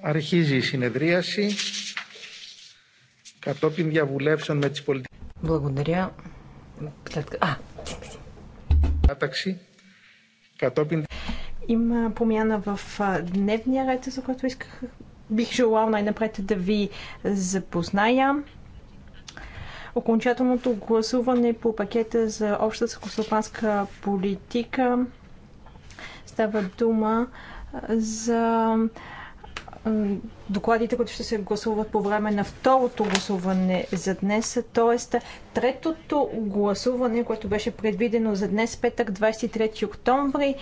Αρχίζει η συνεδρίαση κατόπιν διαβουλεύσεων με τις πολιτικές. Благодаря. А, Атакси. Κατόπιν... Има промяна в дневния ред, за който исках. Бих желал най-напред да ви запозная. Окончателното гласуване по пакета за обща селскостопанска политика става дума за докладите, които ще се гласуват по време на второто гласуване за днес, т.е. третото гласуване, което беше предвидено за днес, петък 23 октомври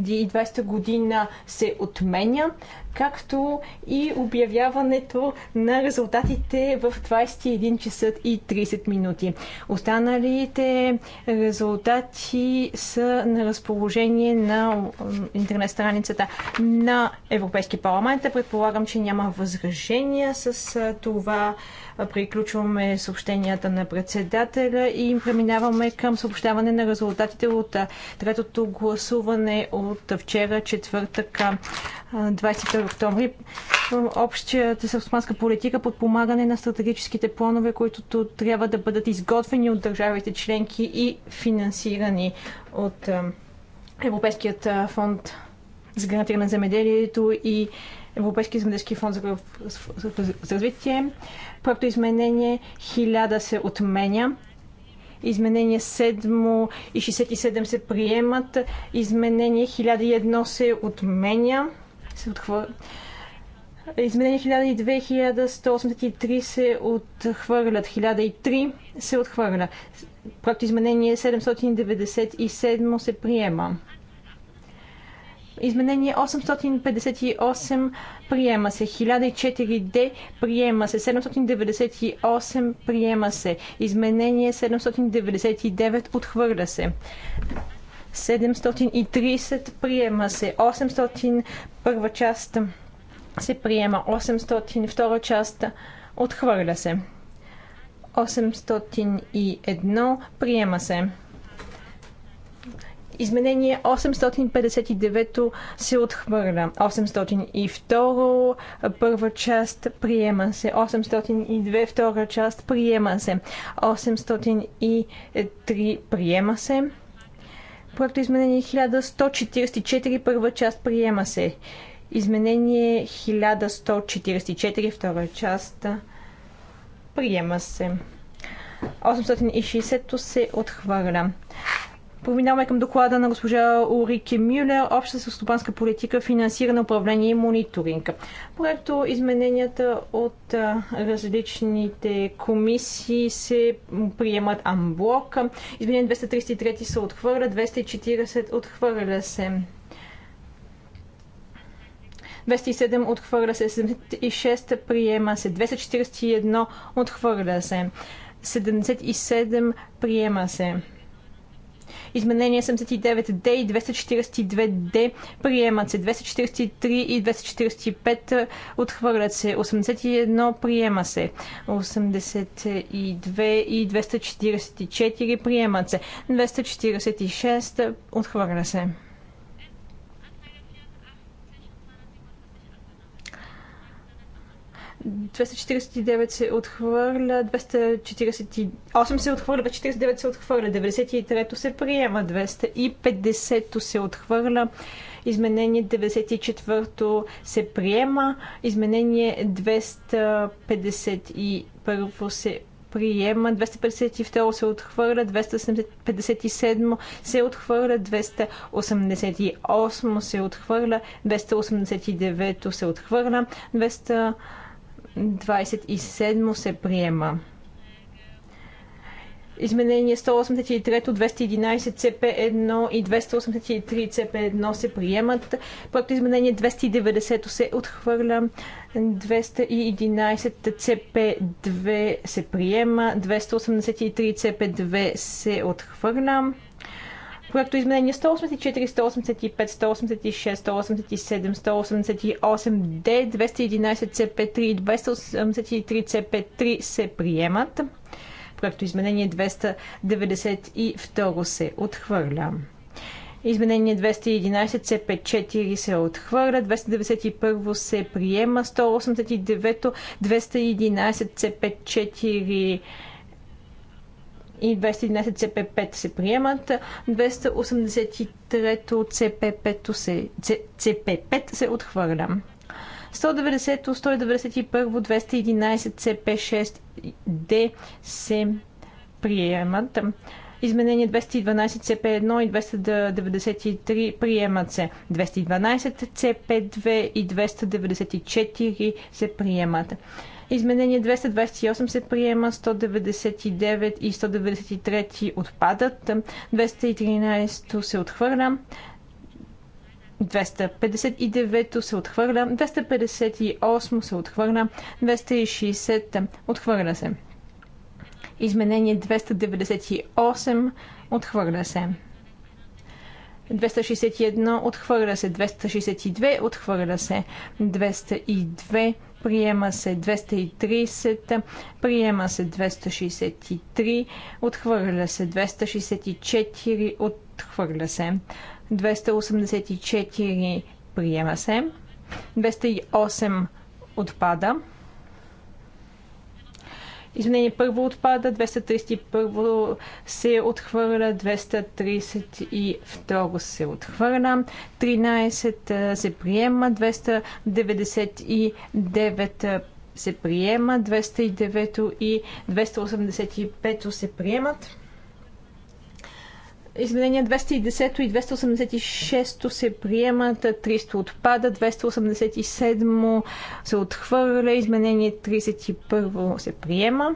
2020 година се отменя както и обявяването на резултатите в 21 часа и 30 минути. Останалите резултати са на разположение на интернет страницата на Европейски парламент. Предполагам, че няма възражения с това. Приключваме съобщенията на председателя и преминаваме към съобщаване на резултатите от третото гласуване от вчера, четвъртък, 22 октомври общата селскостопанска политика подпомагане на стратегическите планове, които трябва да бъдат изготвени от държавите членки и финансирани от Европейският фонд за гарантиране на земеделието и Европейския земеделски фонд за, развитие. Проекто изменение 1000 се отменя. Изменение 7 и 67 се приемат. Изменение 1001 се отменя се отхвърля. Изменение 1002, 1183 се отхвърлят, 1003 се отхвърля. Проект изменение 797 се приема. Изменение 858 приема се. 1004D приема се. 798 приема се. Изменение 799 отхвърля се. 730 приема се 800 първа част се приема 800 втора част отхвърля се 801 приема се Изменение 859 се отхвърля. 802 първа част приема се. 802 втора част приема се. 803 приема се. Проекто изменение 1144, първа част приема се. Изменение 1144, втора част приема се. 860 се отхвърля. Преминаваме към доклада на госпожа Урике Мюлер, обща състопанска политика, финансиране, управление и мониторинг. Проекто измененията от различните комисии се приемат амблок. Изменение 233 се отхвърля, 240 отхвърля се. 207 отхвърля се, 76 приема се, 241 отхвърля се, 77 приема се. Изменение 79D и 242D приемат се. 243 и 245 отхвърлят се. 81 приема се. 82 и 244 приемат се. 246 отхвърля се. 249 се отхвърля, 248 се отхвърля, 249 се отхвърля, 93-то се приема, 250-то се отхвърля, изменение 94-то се приема, изменение 251 се приема, 252 се отхвърля, 257 се отхвърля, 288 се отхвърля, 289 се отхвърля, 200 27 се приема. Изменение 183, 211 CP1 и 283 CP1 се приемат. Проекто изменение 290 се отхвърля. 211 CP2 се приема. 283 CP2 се отхвърля. Проекто изменение 184, 185, 186, 187, 188, d 211 CP3 283 CP3 се приемат. Проекто изменение 292 се отхвърля. Изменение 211 CP4 се отхвърля, 291 се приема, 189 211 CP4 и 211 CP5 се приемат, 283 CP5 CP5 се отхвърля. 190, 191, 211, CP6, D се приемат. Изменение 212 CP1 и 293 приемат се. 212 CP2 и 294 се приемат. Изменение 228 се приема, 199 и 193 отпадат, 213 се отхвърля. 259 се отхвърля, 258 се отхвърля, 260 отхвърля се. Изменение 298 отхвърля се. 261 отхвърля се, 262 отхвърля се, 202 приема се 230, приема се 263, отхвърля се 264, отхвърля се 284, приема се 208, отпада Изменение първо отпада, 231 се отхвърля, 232 се отхвърля, 13 се приема, 299 се приема, 209 и 285 се приемат. Изменения 210 и 286 се приемат, 300 отпада, 287 се отхвърля, изменение 31 се приема.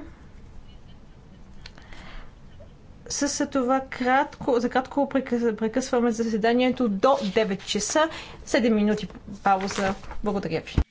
С това кратко, за кратко прекъсваме заседанието до 9 часа. 7 минути пауза. Благодаря ви.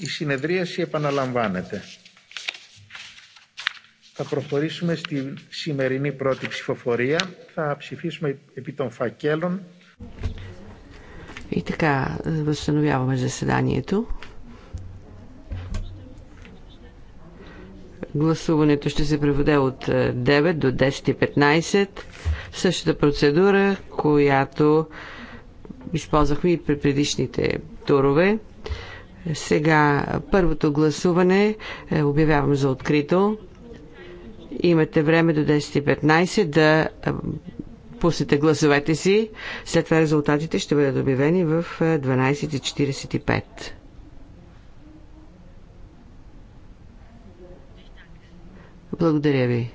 Η συνεδρίαση επαναλαμβάνεται. Θα προχωρήσουμε στη σημερινή πρώτη ψηφοφορία. Θα ψηφίσουμε επί των φακέλων. И така, възстановяваме заседанието. Гласуването ще се преведе от 9 е, до 10.15. Същата процедура, която използвахме и при предишните турове. Сега първото гласуване е, обявявам за открито. Имате време до 10.15 да е, пуснете гласовете си. След това резултатите ще бъдат обявени в 12.45. Е, Благодаря ви.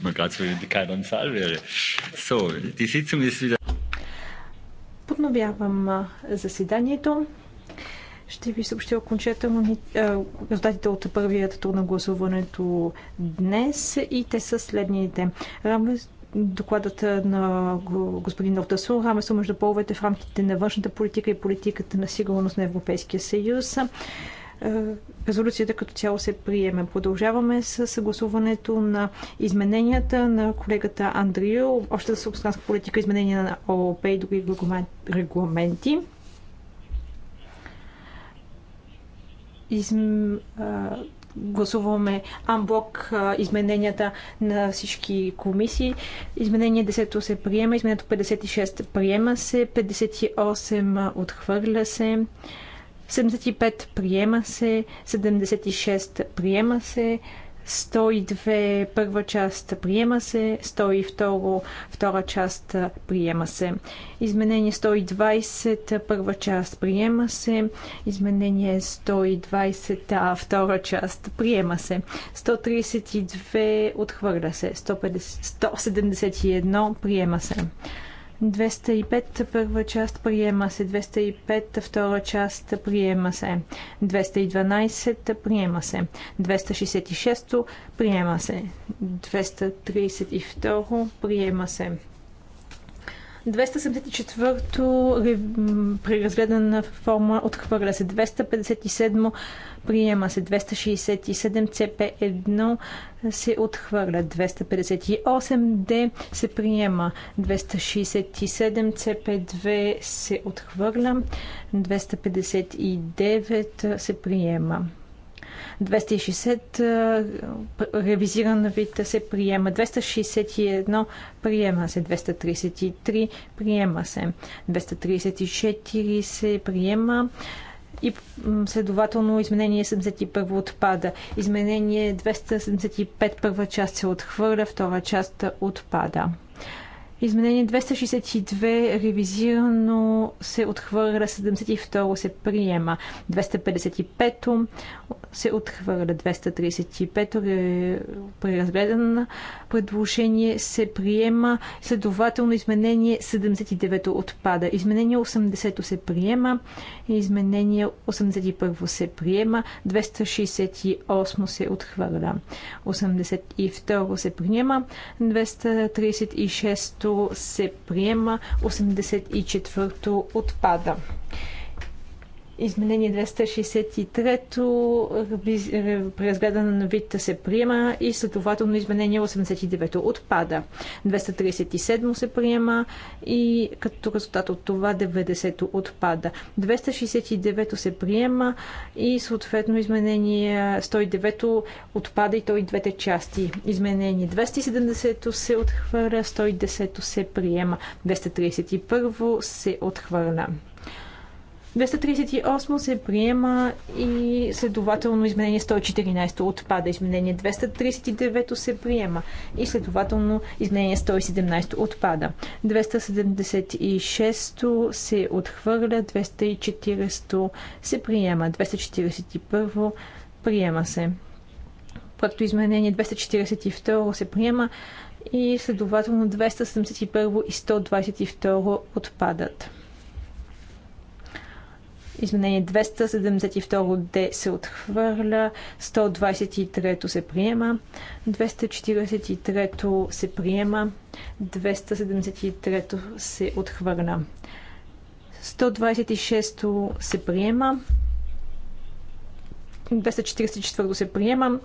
tut gerade so, wenn keiner im Saal wäre. So, die Sitzung ist wieder. Подновявам заседанието. Ще ви съобщя окончателно резултатите от първият тур на гласуването днес и те са следните. докладът на господин Нортасун, рамесо между половете в рамките на външната политика и политиката на сигурност на Европейския съюз. Е, резолюцията като цяло се приеме. Продължаваме с съгласуването на измененията на колегата Андрио, още за субстанска политика, изменения на ООП и други регламенти. Изм... гласуваме амблок измененията на всички комисии. Изменение 10 се приема, изменението 56 приема се, 58 отхвърля се. 75 приема се, 76 приема се, 102 първа част приема се, 102 втора част приема се. Изменение 120 първа част приема се, изменение 120 а втора част приема се, 132 отхвърля се, 150, 171 приема се. 205 първа част приема се, 205 втора част приема се, 212 приема се, 266 приема се, 232 приема се, 274-то преразгледана форма отхвърля се. 257 приема се. 267 CP1 се отхвърля. 258 Д се приема. 267 CP2 се отхвърля. 259 се приема. 260 ревизиран вид се приема. 261 приема се. 233 приема се. 234 се приема и следователно изменение 71 отпада. Изменение 275 първа част се отхвърля, втора част отпада. Изменение 262 ревизирано се отхвърля, 72 се приема, 255 се отхвърля, 235 е преразгледано предложение се приема, следователно изменение 79 отпада, изменение 80 се приема, изменение 81 се приема, 268 се отхвърля, 82 се приема, 236 се приема, 84-то отпада. Изменение 263-то, на вид се приема и следователно изменение 89-то отпада. 237 се приема и като резултат от това 90-то отпада. 269-то се приема и съответно изменение 109-то отпада и то и двете части. Изменение 270-то се отхвърля, 110-то се приема, 231-то се отхвърля. 238 се приема и следователно изменение 114 отпада. Изменение 239 се приема и следователно изменение 117 отпада. 276 се отхвърля, 240 се приема, 241 приема се. Проекто изменение 242 се приема и следователно 271 и 122 отпадат. Изменение 272 Д се отхвърля. 123 се приема. 243 се приема. 273 се отхвърля. 126 се приема. 244 се приема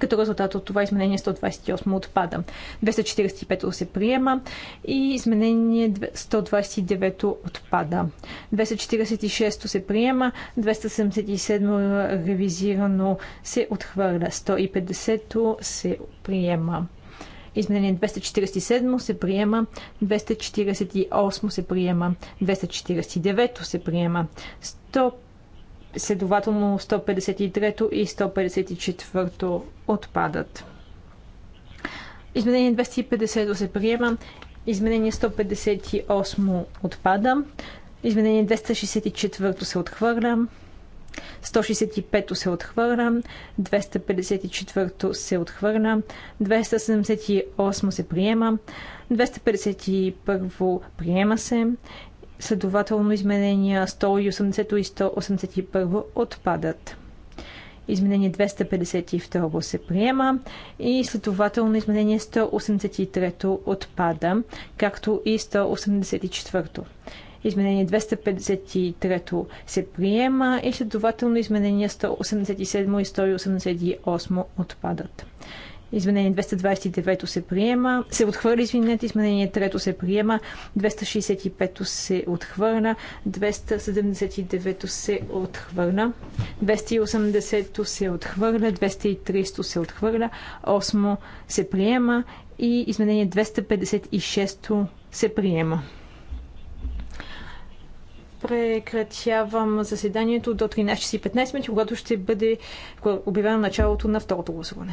като резултат от това изменение 128 отпада. 245 се приема и изменение 129 отпада. 246 се приема, 277 ревизирано се отхвърля, 150 се приема. Изменение 247 се приема, 248 се приема, 249 се приема, 100 Следователно 153 и 154 отпадат. Изменение 250 се приема. Изменение 158 отпада. Изменение 264 се отхвърля. 165 се отхвърля, 254 се отхвърля, 278 се приема, 251 приема се, Следователно изменения 180 и 181 отпадат. Изменение 252 се приема и следователно изменение 183 отпада, както и 184. Изменение 253 се приема и следователно изменения 187 и 188 отпадат. Изменение 229 се приема. Се отхвърля, извинете. Изменение 3 се приема. 265 се отхвърля. 279 се отхвърля. 280 се отхвърля. 230 се отхвърля. 8 се приема. И изменение 256 се приема. Прекратявам заседанието до 13.15, когато ще бъде обявено началото на второто гласуване.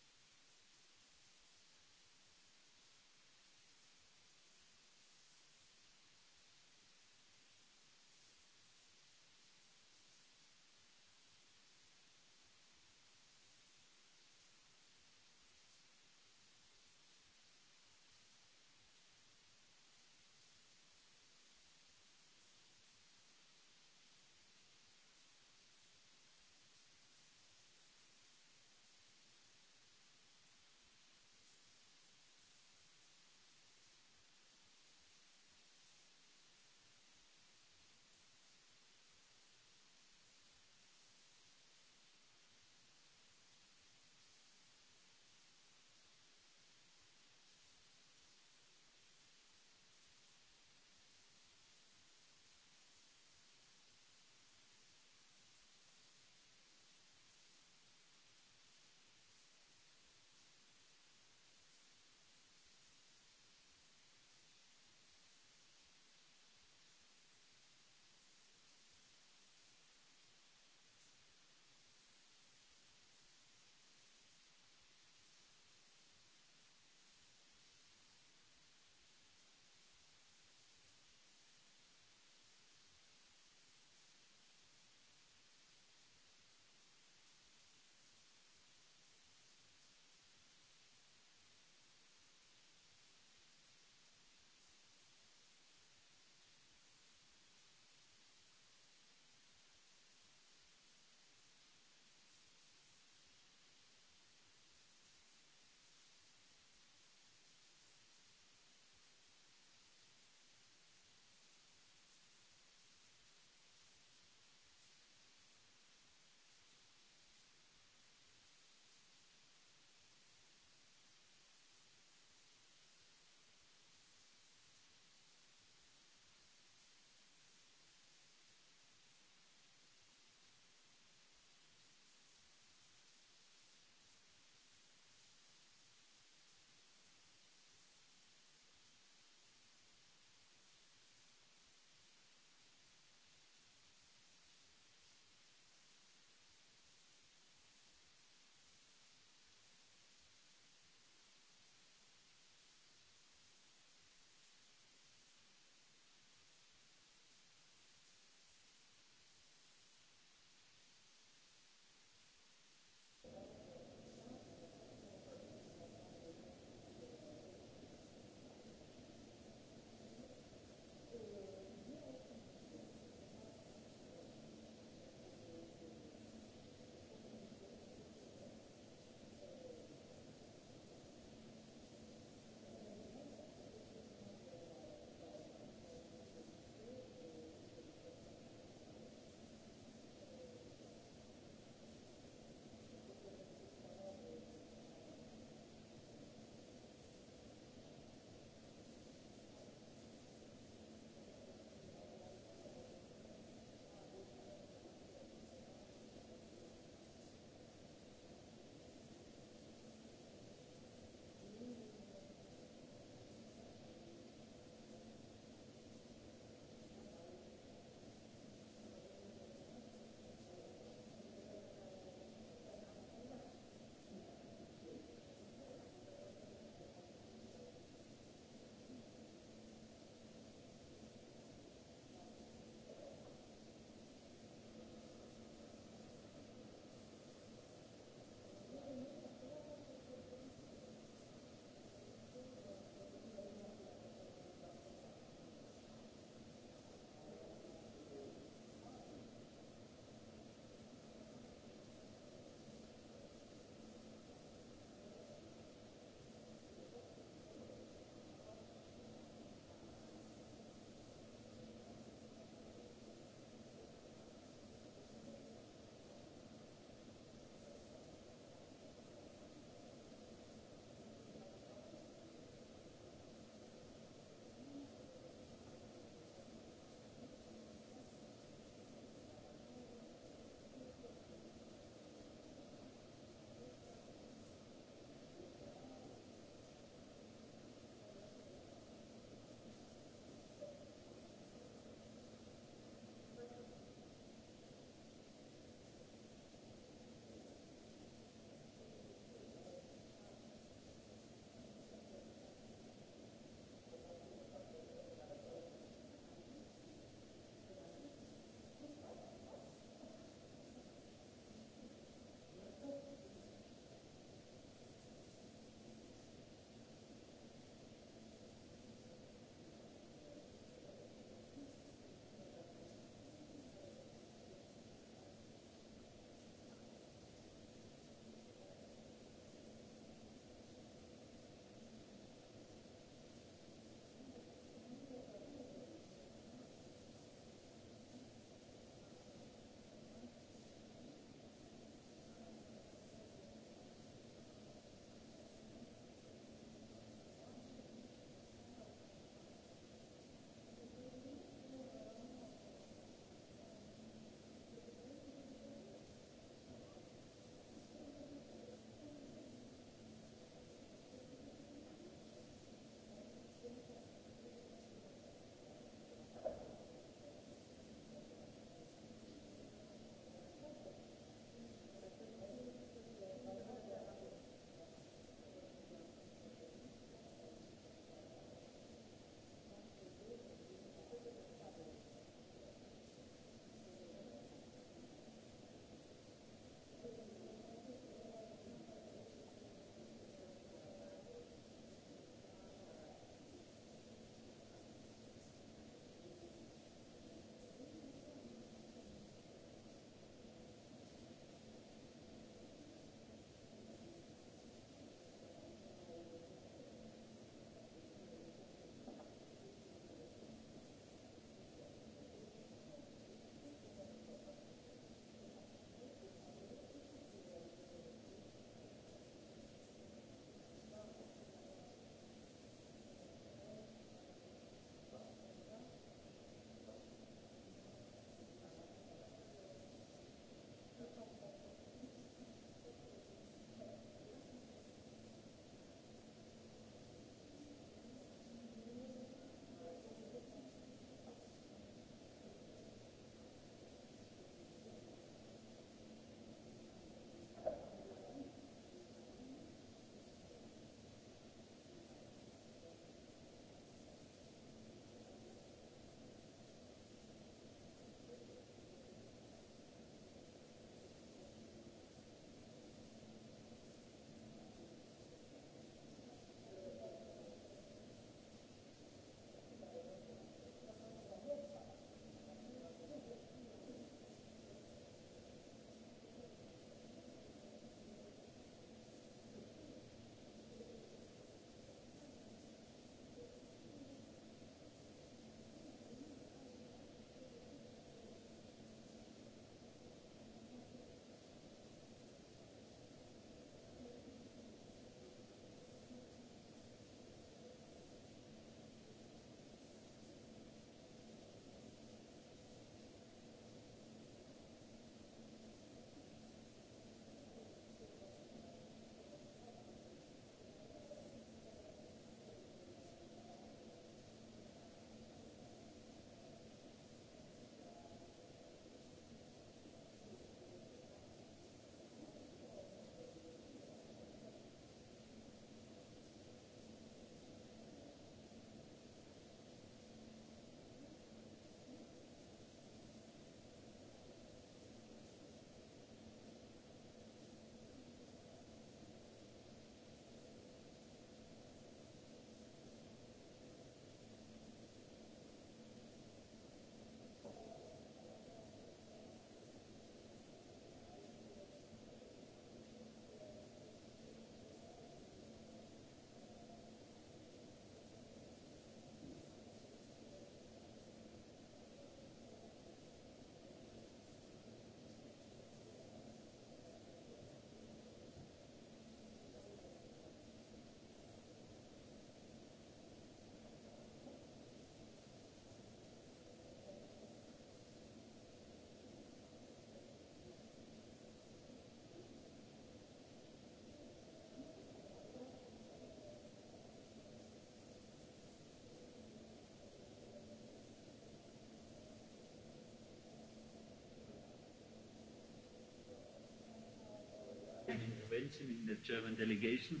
an intervention in the German delegation.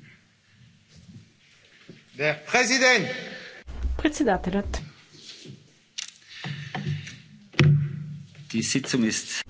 Der Präsident! Председателят. Die Sitzung ist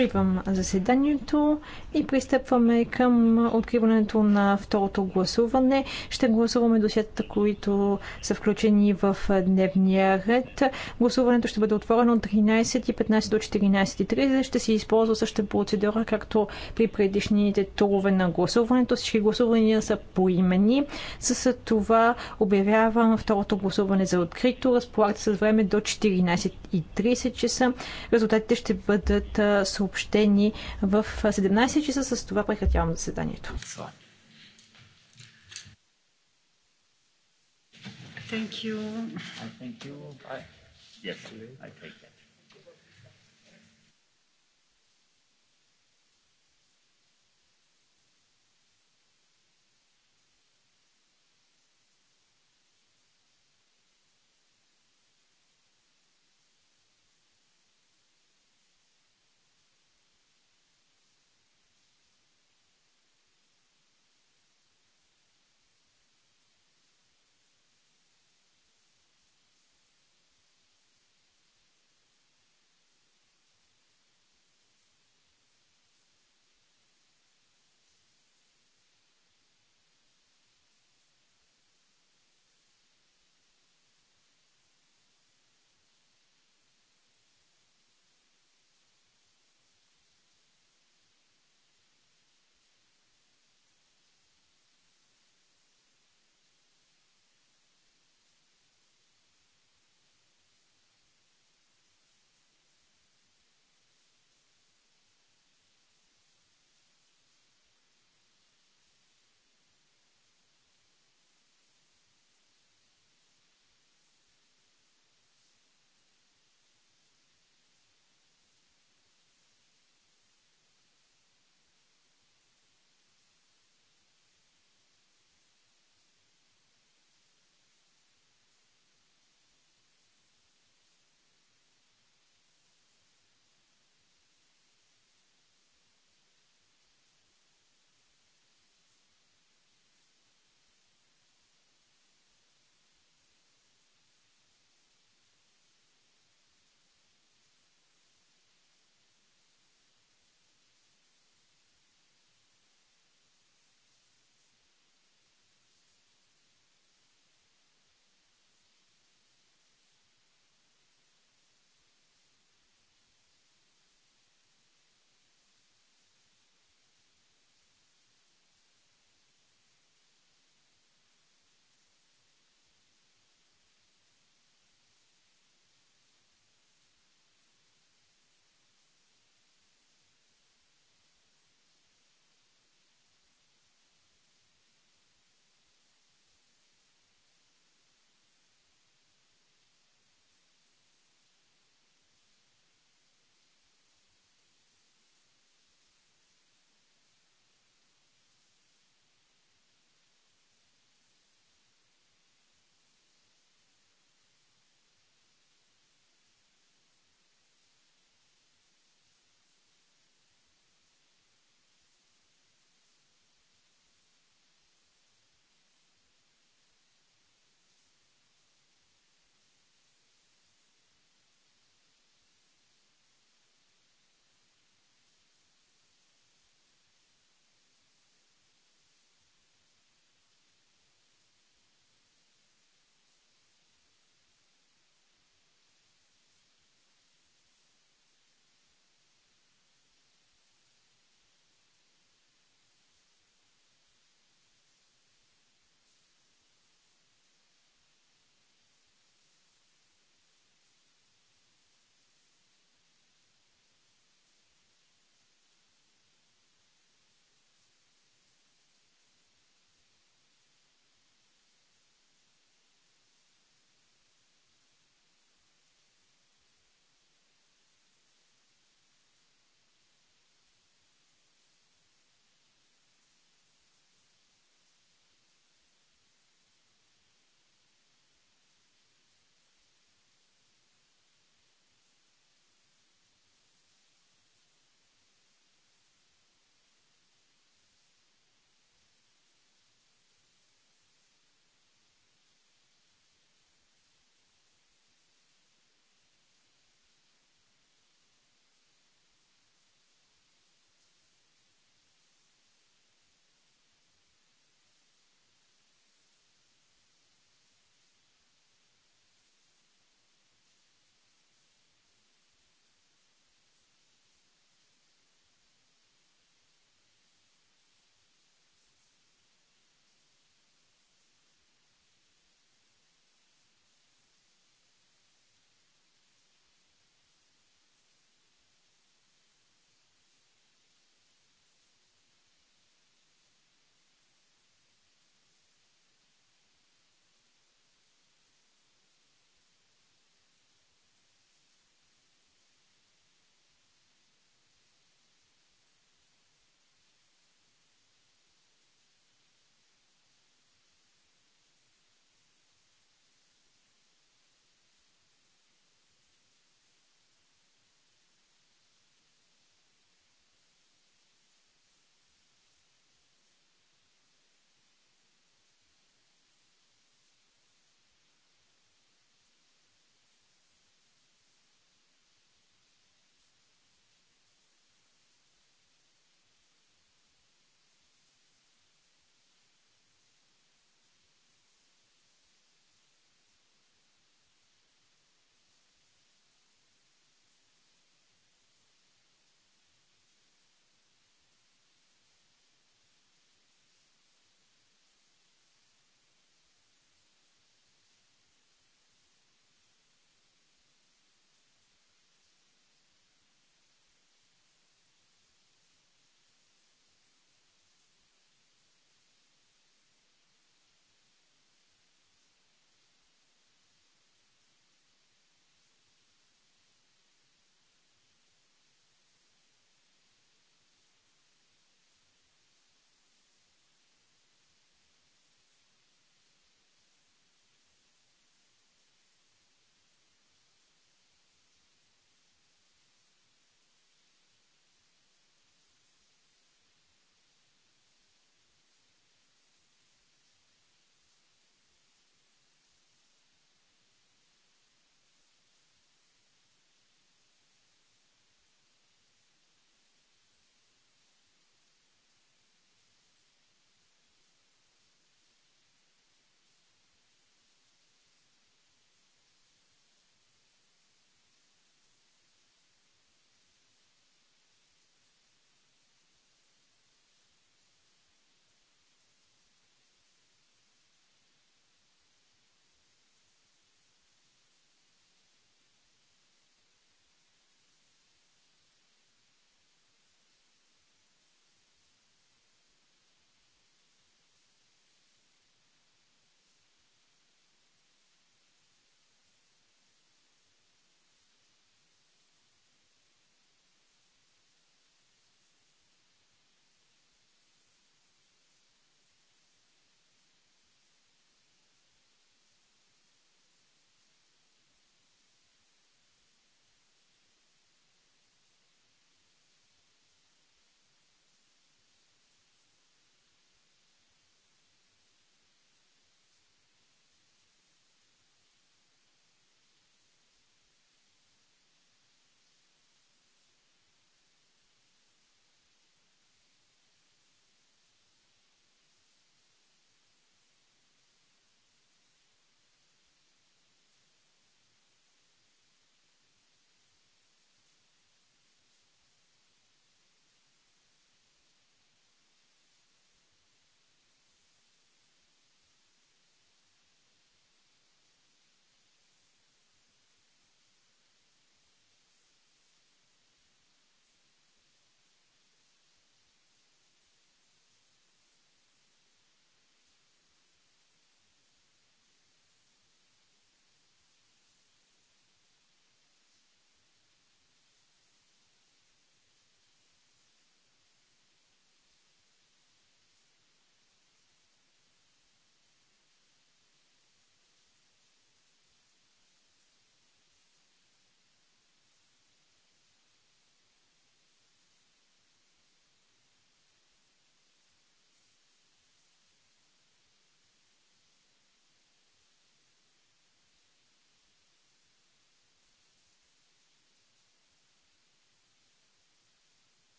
Откривам заседанието и пристъпваме към откриването на второто гласуване. Ще гласуваме досетата, които са включени в дневния ред. Гласуването ще бъде отворено от 13.15 до 14.30. Ще се използва същата процедура, както при предишните турове на гласуването. Всички гласувания са поимени. С това обявявам второто гласуване за открито. Разполагате с време до 14.30 часа. Резултатите ще бъдат съобщени съобщени в 17 часа. С това прекратявам заседанието. Thank you. I thank you. I, yes, I take that.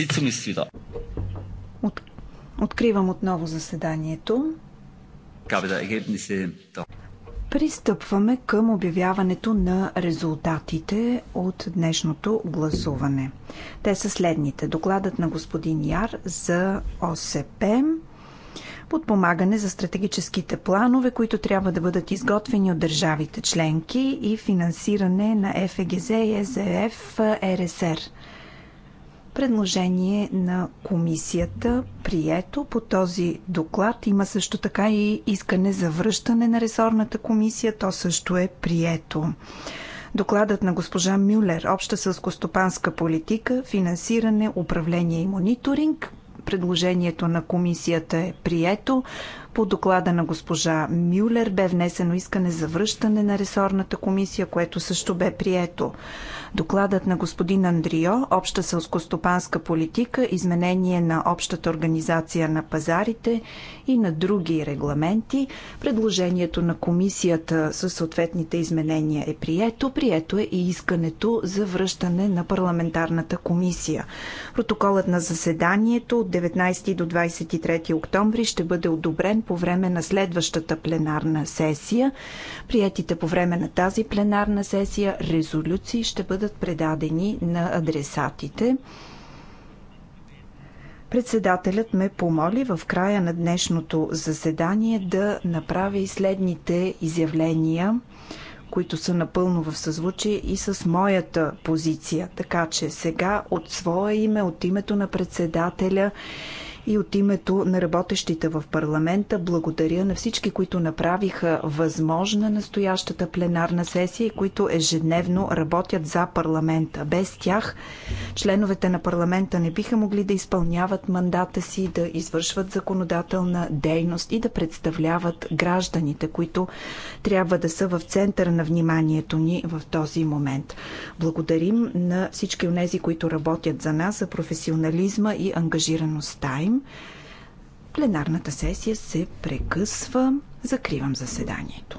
Sitzung ist wieder. От... Откривам отново заседанието. Пристъпваме към обявяването на резултатите от днешното гласуване. Те са следните. Докладът на господин Яр за ОСП, подпомагане за стратегическите планове, които трябва да бъдат изготвени от държавите членки и финансиране на ФГЗ е и ЕЗФ РСР. Е Предложение на комисията, прието по този доклад. Има също така и искане за връщане на ресорната комисия. То също е прието. Докладът на госпожа Мюлер Обща сълскостопанска политика, финансиране, управление и мониторинг. Предложението на комисията е прието. По доклада на госпожа Мюлер бе внесено искане за връщане на ресорната комисия, което също бе прието. Докладът на господин Андрио Обща селскостопанска политика, изменение на общата организация на пазарите и на други регламенти. Предложението на комисията със съответните изменения е прието. Прието е и искането за връщане на парламентарната комисия. Протоколът на заседанието от 19 до 23 октомври ще бъде одобрен по време на следващата пленарна сесия. Приятите по време на тази пленарна сесия резолюции ще бъдат предадени на адресатите. Председателят ме помоли в края на днешното заседание да направя и следните изявления, които са напълно в съзвучие и с моята позиция. Така че сега от своя име, от името на председателя и от името на работещите в парламента благодаря на всички, които направиха възможна настоящата пленарна сесия и които ежедневно работят за парламента. Без тях членовете на парламента не биха могли да изпълняват мандата си, да извършват законодателна дейност и да представляват гражданите, които трябва да са в център на вниманието ни в този момент. Благодарим на всички от тези, които работят за нас, за професионализма и ангажираността им им. Пленарната сесия се прекъсва. Закривам заседанието.